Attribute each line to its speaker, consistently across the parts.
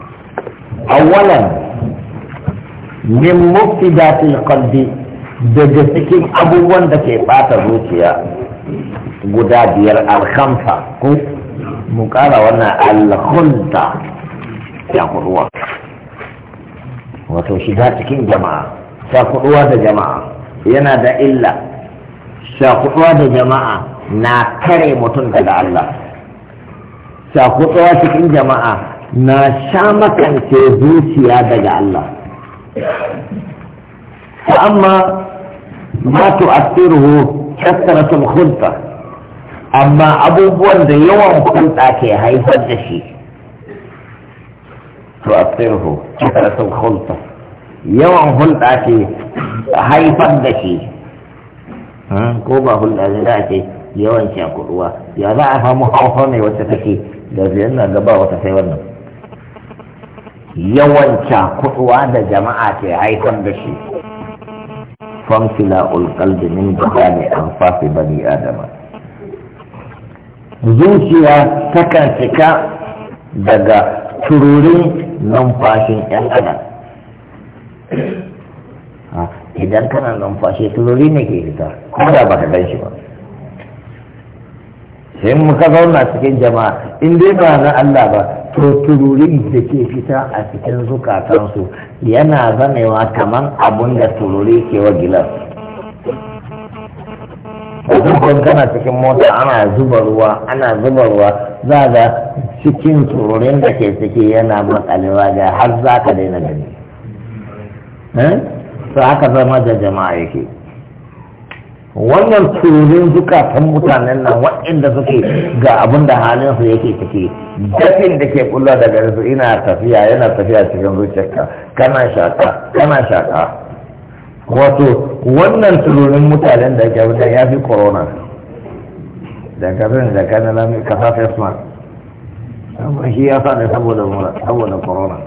Speaker 1: min أولا da مفسدات القلب daga cikin abubuwan da ke bata zuciya guda biyar alhamsa ko mu kara wannan alhunta ya kuduwa wato shiga cikin jama'a shakuduwa da jama'a yana da illa shakuduwa da jama'a na kare mutum daga Allah shakuduwa cikin jama'a na sha makance zuciya daga Allah fa amma ma tu'athiruhu kasratul khulfa amma abubuwan da yawan kunta ke haifar da shi tu'athiruhu kasratul khulfa yawan hulɗa ke haifar da shi ko ba hulɗa ne da ake yawan shakuruwa ya za a samu hauhau ne wacce take da zai yana gaba wata sai wannan yawan cakuɗuwa da jama'a ke haifar da shi famfila ulkalbi min bayani an fafi bani adama zuciya takan cika daga tururin numfashin yan adam ah, idan kana numfashi tururi ne ke fita ko da baka gan shi ba sai muka zauna cikin jama'a in dai ba na Allah ba to tururin da ke fita a cikin zukatansu yana zanewa kamar abun da tururi ke wa gilas dukkan kana cikin mota ana zuba ruwa ana zuba ruwa za ga cikin tururin da ke ciki yana matsalewa ga har za ka daina gani eh? to haka zama da jama'a yake wannan turin zukatan mutanen nan waɗanda suke ga abin da halinsu yake take dafin da ke kula daga su ina tafiya yana tafiya cikin zuciyarka kana shaka kana shaka wato wannan tururin mutanen da ke da ya fi corona da kafin da kan lami kasa face mask amma shi ya sa ne saboda saboda corona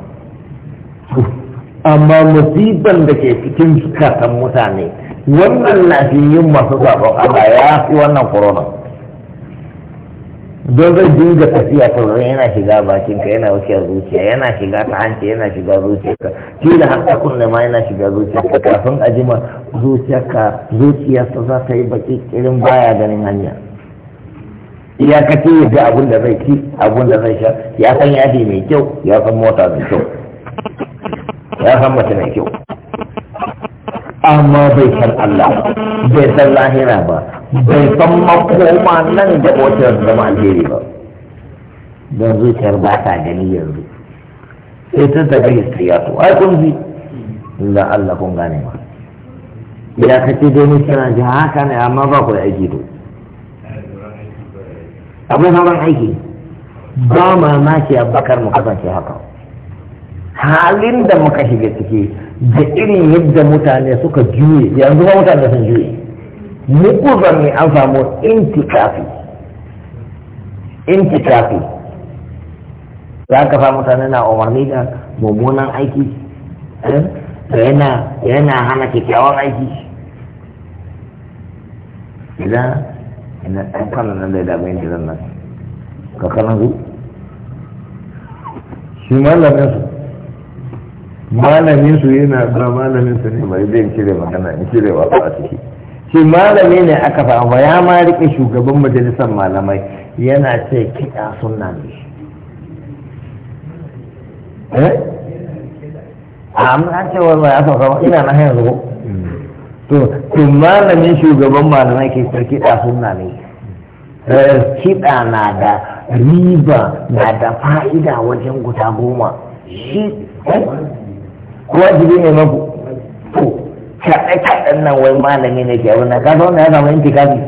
Speaker 1: amma musiban da ke cikin zukatan mutane wannan lafiyin masu sabon Allah ya fi wannan corona don zai dinga tafiya kullum yana shiga bakin ka yana wuce zuciya yana shiga ta hanci yana shiga zuciya ka da har kunne ma yana shiga zuciya ka kafin a jima zuciya ka zuciya ta za ta yi baki irin baya ganin hanya ya ka ce ga abin da zai ci abin da zai sha ya san yadi mai kyau ya san mota mai kyau ya san mace mai kyau amma bai san Allah bai san lahira ba bai san makoma nan da wata zama alheri ba don zuciyar ba ta gani yanzu sai ta tafi to ai kun ji la Allah kun gane ma ya kace dai mun kana ji haka ne amma ba ku aiki to abin hawan aiki ba mamaki abakar mu kasance haka halin da muka shiga ciki da irin yadda mutane suka juye yanzu ba mutane sun juye mu mu'uzan ne an samu intikafi intikafi za ka fa mutane na umarni da mummunan aiki eh, yana yana hana kyakkyawan aiki idan idan ɗan kwanan nan da ya dame ni nan ka su shi malamin su malamin su yana ba malamin su ne mai zai cire magana in cire wa a ciki shi malami ne aka fa ya ma rike shugaban majalisar malamai yana ce kiɗa sunna ne eh? an ce wanda ya sauka ina na hanyar zuwa to tun malamin shugaban malamai ke ta kiɗa suna ne eh, kiɗa na da riba na da fa'ida wajen guda goma shi eh? wajibi ne maku to kaɗe kaɗen nan wai malami ne ke abin nan ka zauna ya samu intikafi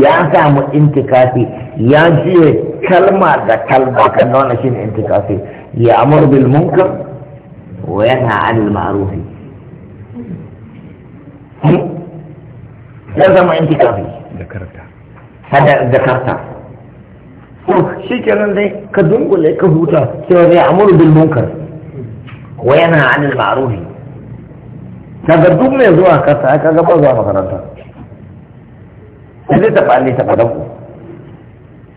Speaker 1: ya samu intikafi ya jiye kalma da kalma kan shi ne intikafi ya amur bil munkar wa yana anil ma'arufi. Hmm? ya zama intikafi da karta da karta to shi kenan dai ka dungule ka huta cewa zai amuru bil munkar wa yana anil ma'ruf kaga duk mai zuwa kasa ga ba zuwa makaranta sai ta fali ta fadan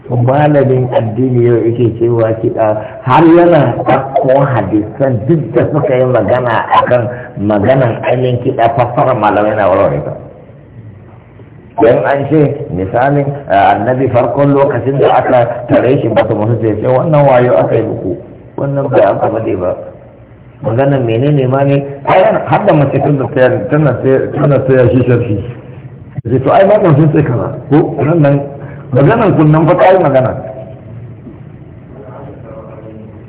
Speaker 1: ku malamin addini yau yake cewa kiɗa har yana ɗauko hadisan duk da suka yi magana akan maganan ainihin kiɗa fassara malamai na warware ta don an ce misali eh, annabi farkon lokacin da aka tare shi ba su ce sai wannan wayo aka yi muku wannan bai aka bade ba maganar menene ma ne ayan har da mace tun da tana tsaya shi sharfi zai to ai matan sun sai kaza ko nan nan maganar kun nan fa ta yi magana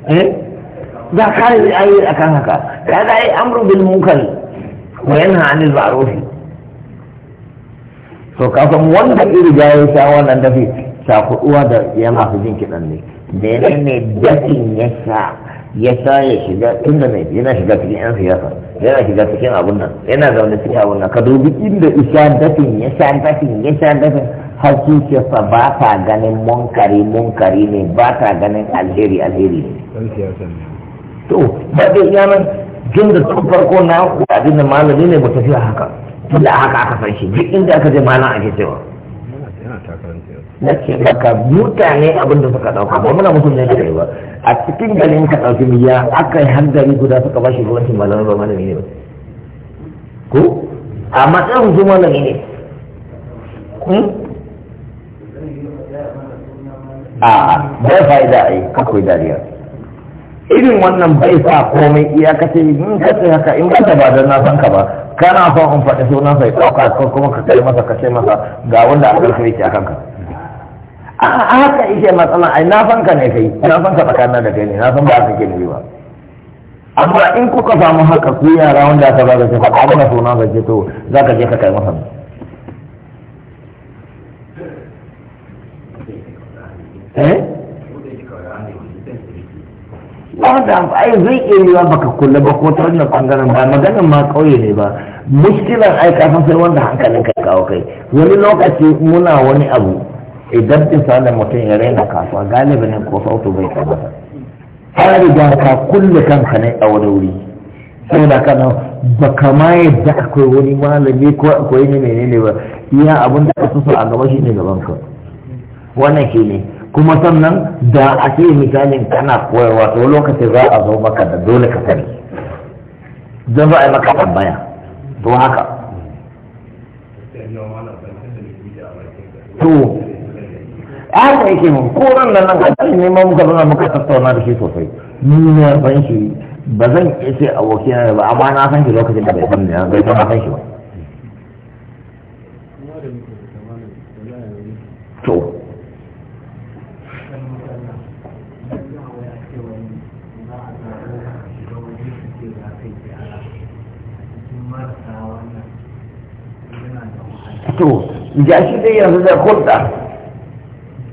Speaker 1: eh za ka yi ayi akan haka ya ga ai amru bil munkar wa yanha anil ma'ruf to kafin wanda iri ya sha wannan dafi shakuɗuwa da ya masu jin kiɗan ne da ne dafin ya sha ya sha ya shiga tunda ne yana shiga cikin yan siyasa yana shiga cikin abun nan yana zaune cikin abun nan ka dubi inda isha dafin ya sha dafin ya sha dafin har zuciyarsa ba ta ganin munkari munkari ne ba ta ganin alheri alheri ne to ba dai yanar jin da tun farko na ku na, da malami ne ba tafiya haka tunda haka aka san shi duk inda aka je malam ake cewa na ce maka mutane abin da suka dauka ba muna mutum ne da ba a cikin garin ka dauki miya akai hankali guda suka bashi gwamnatin malam ba malami ne ba ko a matsayin su malami ne hmm? a bai fa'ida a yi kakwai dariya irin wannan bai sa komai iyakacin in kace haka in ba ta ba don na san ka ba kana son in faɗi sunan sai ɗauka ko kuma ka kai masa ka ce masa ga wanda a ƙarfi yake a kanka a haka ishe matsala ai na san ka ne kai na san ka tsakanin da kai ne na san ba ka ke ba amma in kuka samu haka ku yara wanda aka ba da shi faɗa mana sunan sai ce to za ka je ka kai masa eh wanda ai zai iya yiwa baka kulle ba ko ta wannan bangaren ba maganin ma kauye ne ba mushkilar ai ka san sai wanda hankalin ka kawo kai wani lokaci muna wani abu idan misalin mutum ya raina kasuwa galibi ne ko sautu bai kamata ka riga ka kulle kanka ne a wani wuri saboda kana ba kama yadda akwai wani malami ko akwai ne menene ba iya abin da ka so a gaba shine gaban ka wannan ke shine kuma sannan da a ce misalin kana koyarwa to lokaci za a zo maka da dole ka sani don za a yi maka tambaya to haka to haka yake mun ko nan nan a cikin neman muka zama muka tattauna da shi sosai ni ne ban shi ba zan iya ce abokina ba amma na san shi lokacin da bai san ni bai san na san shi ba to to gashi dai yanzu zai hulɗa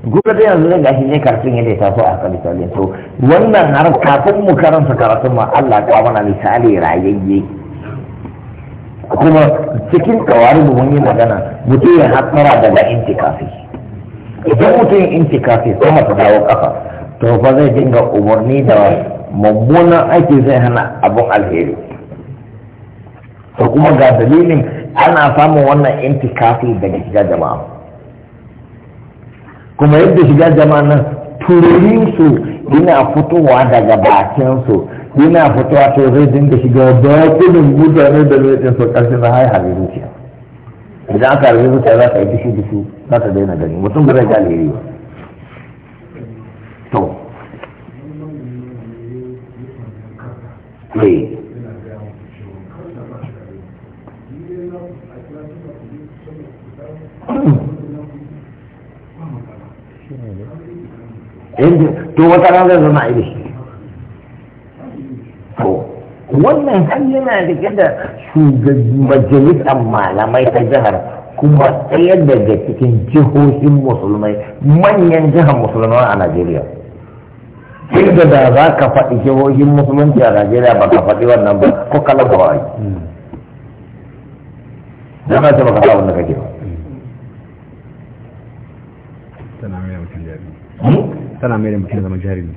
Speaker 1: gobe dai yanzu zai gashi ne karfin yadda ya taso a kan misali to wannan har kafin mu karanta karatun ma Allah ka mana misali rayayye kuma cikin kawari mun yi magana mutum ya hatsara daga intikafi idan mutum intikafi sama ta dawo kafa to ba zai dinga umarni da mummunan aiki zai hana abun alheri to kuma ga dalilin ana samun wannan intikafi daga shiga jama'a kuma yadda shiga jama'a nan su yana fitowa daga bakinsu yana fitowa to zai dinga shiga bakunan mutane da zai ɗinsu ƙarshen na haihar zuciya idan aka rufe zuciya za ka yi dishi dishi za ta daina gani mutum ba zai ga alheri ba to eh to wata rana zama a yi wannan har yana rike da majalisar malamai ta jihar kuma ɗaya daga cikin jihohin musulmai manyan jihar musulmai a najeriya inda da za ka faɗi jihohin musulunci a najeriya ba ka faɗi wannan ba ko kala ba wai da na ce ba ka faɗi kake ba tana mai da mutum hmm? zama jari ne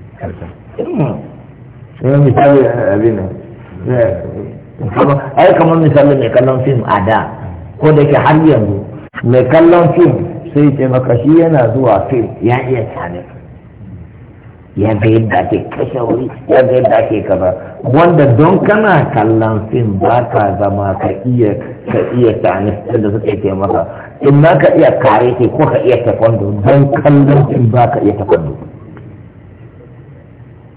Speaker 1: hmm. misali eh, abin nan yi eh, kamar misali mai kallon fim a da ko da ke har yanzu mai kallon fim sai ce maka shi yana zuwa fim ya iya tare ya ga yadda ke kashe wuri ya ga yadda ke kaza wanda don kana kallon fim ba ka zama ka iya ka iya tare da suke ce maka in ma ka iya kare ke ko ka iya taekwondo don kallon fim ba ka iya taekwondo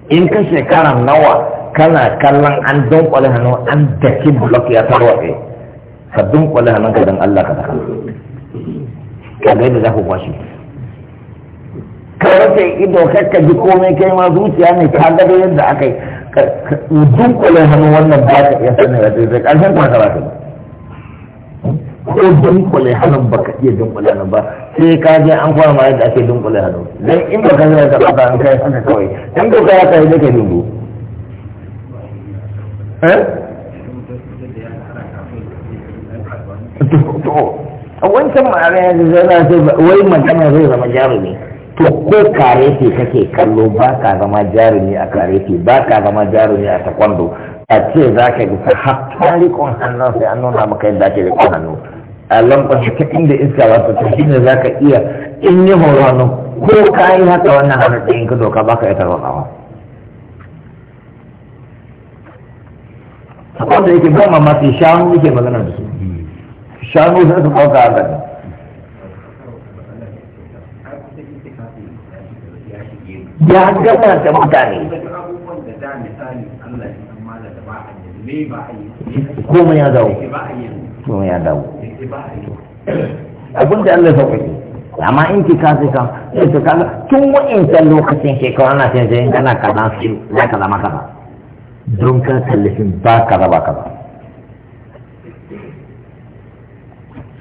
Speaker 1: in ka shekara nawa kana kallon an don kwale hannu an daki blok ya a ka kwale hannun ka don Allah ka daka ka ga yadda za ku kwashe ka wace ido kakka ji komai kai ma zuciya ne ka gado yadda aka yi kwale hannu wannan ba ka iya sanin ya zai ƙarshen kwanta ba ka ba ko kwale hannun ba ka iya kwale hannun ba sai ka je an fara ma yadda ake kwale hannu dan in ba ka zai ka ba an kai haka kawai in doka ya kai ne ka dungu eh to a wancan ma'ana yanzu zana wai magana zai zama jarumi to ko kare ce kake kallo ba ka zama jarumi a kare ce ba ka zama jarumi a takwando a ce za ka gisa hatta rikon hannun sai an nuna maka yadda ake rikon hannu a lambar ta inda iska ba ta tafi ne za ka iya in yi horo ko ka yi haka wannan hannun ɗayan ka doka ba ka yi tarwakawa wanda yake ba mamaki shanu yake magana da su shanu sai su ɗauka a gani ya gama da mutane komai ya dawo komai ya dawo abin da Allah ya sauƙaƙe amma in ki ka sai kan sai ka tun wa'in lokacin shekaru ana sai sai kana kaza sai ya ka zama kaza don ka kallafin ba ka raba ka ba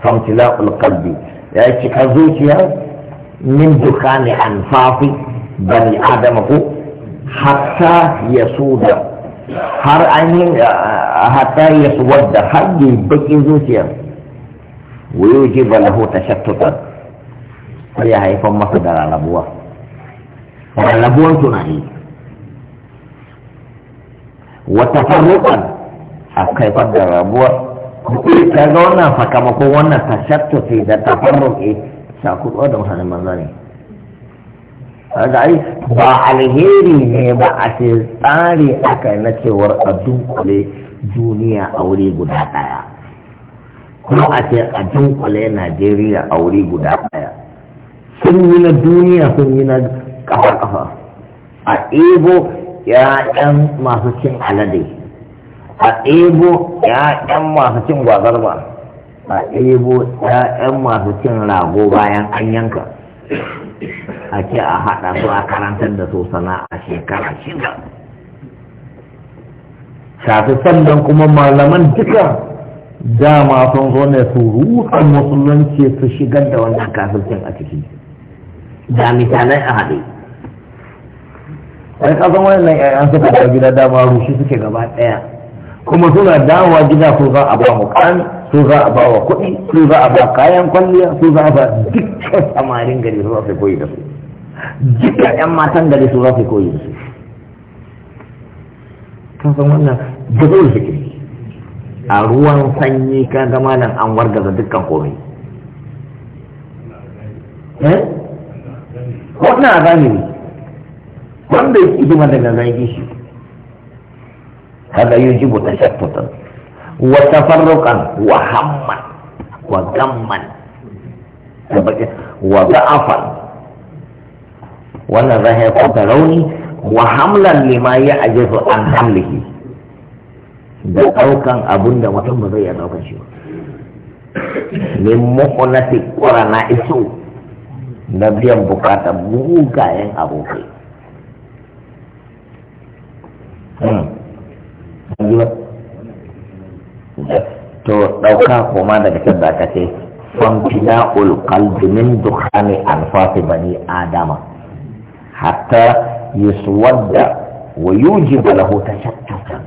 Speaker 1: famtila ulkalbi ya cika zuciya min an anfafi bani adama ko hatta ya suda har an yi hatta ya suwadda har yi bakin zuciya wayo ji ba lahu tashattutan sai ya haifar masa da rarrabuwa rarrabuwan tunani wata farruƙan a kai da rabuwa ka ga wannan sakamakon wannan tashattufi da tafarruƙi shakuɗo da mutanen banza ne da ai ba alheri ne ba a ce tsari aka na cewar a dunkule duniya a wuri guda ɗaya kuma a ce a dunkule najeriya a wuri guda ɗaya sun yi na duniya sun yi na kafa-kafa a ego ‘ya'yan masu cin alade a ɗebo ‘ya'yan masu cin gwazarba a ɗebo ‘ya'yan masu cin rago bayan an yanka a ce a haɗa su a karantar da su sana'a shekara shida shafi sandan kuma malaman duka dama sun zo ne su rusa musulunci su shigar da wannan kafircin a ciki da misalai a haɗe sai ka wani nan ƴaƴan suka ga gida dama rushe suke gaba ɗaya kuma suna dawowa gida su za a ba mu kan su za a ba wa kuɗi su za a ba kayan kwalliya su za a ba dukkan samarin gari su za su koyi da su dukkan ƴan matan gari su za su koyi da su kasan san wannan da zai suke a ruwan sanyi ka ga malam an wargaza dukkan komai wannan eh? a zamani wanda ya ƙi da daga zagi shi kaga yin jibu ta shakkutan wa tafarruqan wa hamman wa gamman wa da'afan wannan zai haifar da rauni wa hamlan lima ya aje ajizu an hamlihi da ɗaukan abun da mutum ba zai iya ɗaukan shi ba min mu'unati qurana isu na biyan bukatar mugayen abokai to ɗauka koma daga can da aka ce famfina ulkalbi min dukhani alfafi bani adama hatta yuswadda wa yujibu lahu tashattatan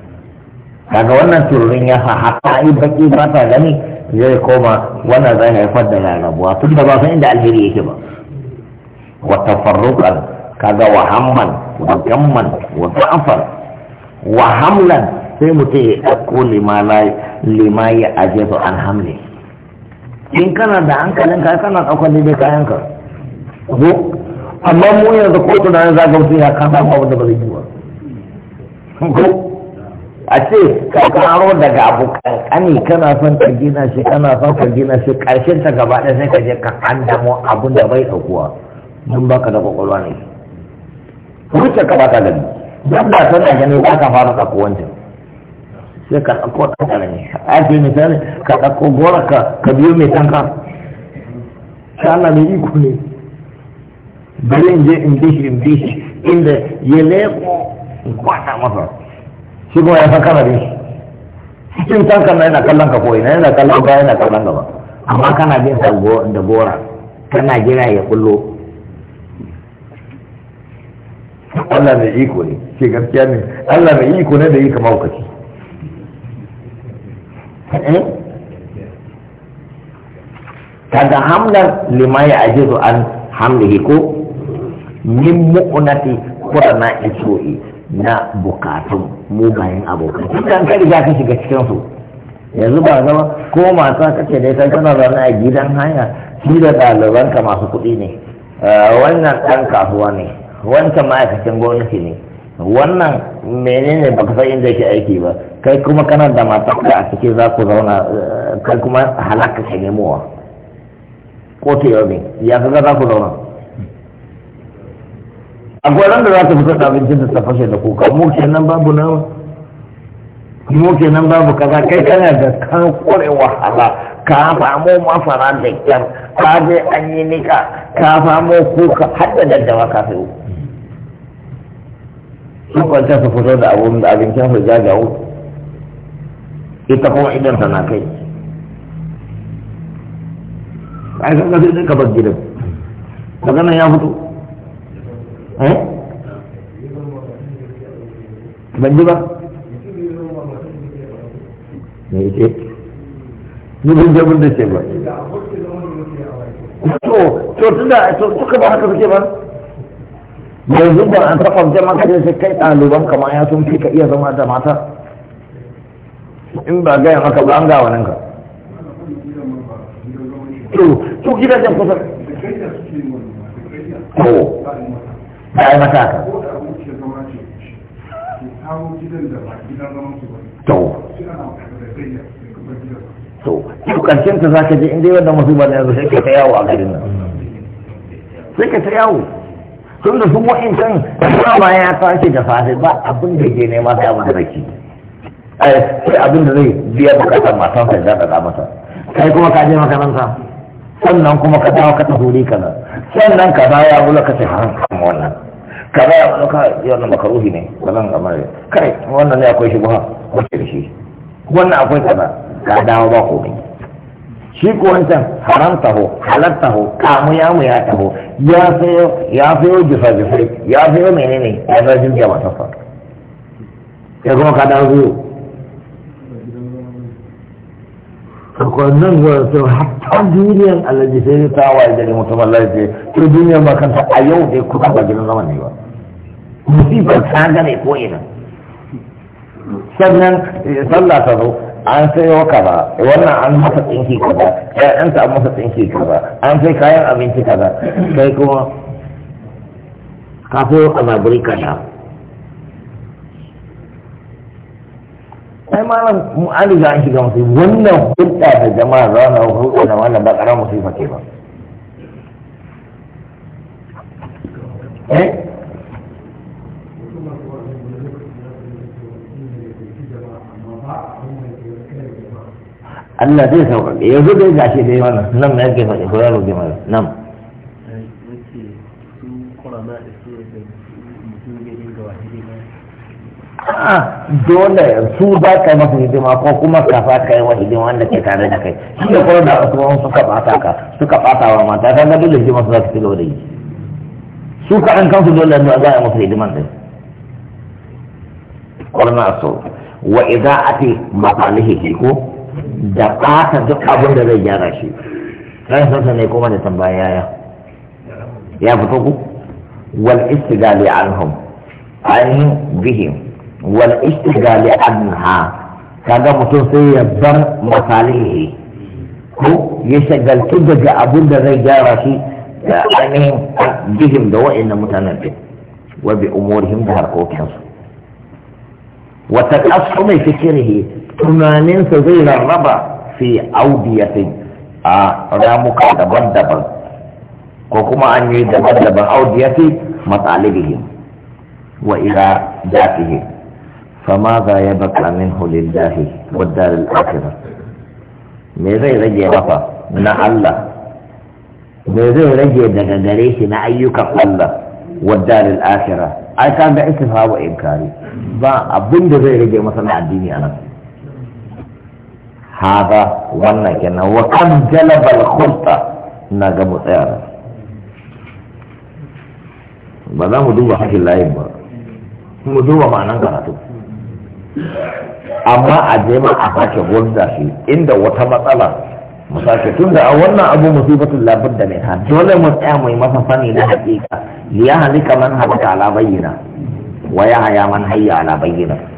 Speaker 1: kaga wannan tururin ya sa hatta yi baki ba ta gani zai koma wannan zai haifar da rarrabuwa tun da ba san inda alheri yake ba wa tafarruqan kaga wa hamman wa gamman wa da'afan wa hamlan sai mutum ya ɗauko lima ya aje su an hamle in kana da hankalin ka kana ɗaukar daidai kayan ka ko amma mu yanzu ko tunanin za ka mutum ya kasa ba wanda ba zai yi ba a ce ka karo daga abu kankani kana son ka gina shi kana son ka gina shi karshen ta gaba ɗaya sai ka je ka kandamo abun da bai ɗaukuwa don baka da kwakwalwa ne wuce ka ba ta gani dan da tana gani ba ka fara ɗauko wancan sai ka ɗauko ɗan ƙarami a ce misali ka ɗauko gora ka ka biyo mai tanka sha Allah mai iko ne bari in je in bi shi in bi shi inda ya leko in kwata masa shi kuma ya san kamarin shi cikin tanka na yana kallon ka koyi na yana kallon ba yana kallon ba amma kana bin sa da gora kana gina ya kullo Allah mai iko ne ke gaskiya ne Allah mai iko ne da yi kama hukaci eh? kaga hamlar lima ya ajizu an hamlihi ko min mu'unati qurana isoi na bukatun mugayen abokan kan ka riga ka shiga cikin su yanzu ba zama ko mata kace dai san kana zaune a gidan haya shi da ɗalibanka masu kuɗi ne eh, wannan ɗan kasuwa ne wancan ma'aikacin gwamnati ne wannan menene baka san inda yake aiki ba kai kuma kana da matarka a cikin za ku zauna eh, kai kuma halaka ka nemowa ko ta yau ne ya kaga za ku zauna a gwaran da za ta fito da abincin da ta fashe da kuka mu kenan babu na mu kenan babu kaza kai kana da kan kware wahala ka famo mafara da kyar ka je an yi nika ka famo kuka har da daddawa ka fi su kwanta su fito da abun da abincin su jagawo ita kuma idan ta na kai a kan gasi ɗin kabar gidan magana ya fito eh ban ji ba me ce ni ban ji abin da ce ba to to tunda to suka ba haka suke ba yanzu ba an taɓa jama ka sai kai ɗaliban kama ya sun fi ka iya zama da mata in ba gaya maka ba an gawa nan ka to su jan kusa ko ya yi mata ka to to kan karshen ta za je inda yawan da masu ba da yanzu sai ka ta yawo a garin nan sai ka ta yawo tun da su can ba ya tashi da safe ba abin da ke nema sai abin da zaki eh, sai abin da zai biya bukatar matansa ya daɗaɗa masa kai kuma ka je makaranta sannan kuma ka dawo ka tahuri na. sannan ka ba ya wula ka ce haram kan wannan ka ba ya wula ka yi wannan makaruhi ne ka wannan gamar kai wannan ne akwai shi ba ce da shi wannan akwai kaza ka dawo ba komai shi ko wancan haram taho halar taho kamu ya mu ya taho ya sayo ya sayo jifa jifa ya sayo menene ya sayo jirgin matarsa ya kuma ka dawo zuwa nan zuwa su hatta duniyan alaji sai ta waye da mutum Allah ce to duniyan ba kanta a yau dai kuka ba gidan zama ne ba musibar ta gane ko ina sannan eh, sallah ta zo an sayo kaza wannan an masa tsinki kaza ƴaƴanta an masa tsinki kaza an sai kayan abinci kaza kai kuma kafin a azaburi kaza kai malam mu an riga an shiga musu wannan hulɗa da jama'a za na hulɗa da wannan ba ƙarar musifa ke ba eh Allah zai sauƙaƙe yanzu da dai gashi dai mana nan na yake faɗi ko ya roƙe mana nan a'a ah, dole su ba ka yi masa hidima ko kuma ka fa ka yi wa hidima wanda ke tare da kai shi da kuma da wasu suka ɓata ka suka ɓata wa mata ta ga dole hidima su za su fi gaba da yi su ka an kansu dole ne za a yi masa hidiman ɗin kwarna so wa idan ida'ati masalihi ko da ɓata duk abin da zai gyara shi ran sansa ne kuma da tambaya yaya ya fito ku wal istigali anhum an bihim wal istigali anha kaga mutum sai ya bar masalihi ko ya shagaltu daga abin da zai gyara shi da ainihin bihim da wa'annan mutanen din wa bi umurihim da harkokinsu wa taqassu mai fikirihi tunaninsa zai rarraba fi audiyatin a ramuka daban-daban ko kuma an yi daban-daban audiyatin matsalibihim wa ila ya فماذا min منه لله والدار الآخرة me zai rage masa na Allah me zai rage daga gare shi na ayyukan Allah wadda al'akira ai da ga istifa wa inkari ba abin da zai rage masana addini a nan hada wannan kenan wa kan jalabal khulta ina ga mu tsaya ba za mu duba hakin layin ba mu duba ma'anan karatu amma a je ma a sake gwamza shi inda wata matsala mu sake tun da wannan abu tun labar da mai ha dole mu tsaya mu yi masa fani na hakika liya halika man halika ala bayyana wa ya haya man hayya ala bayyana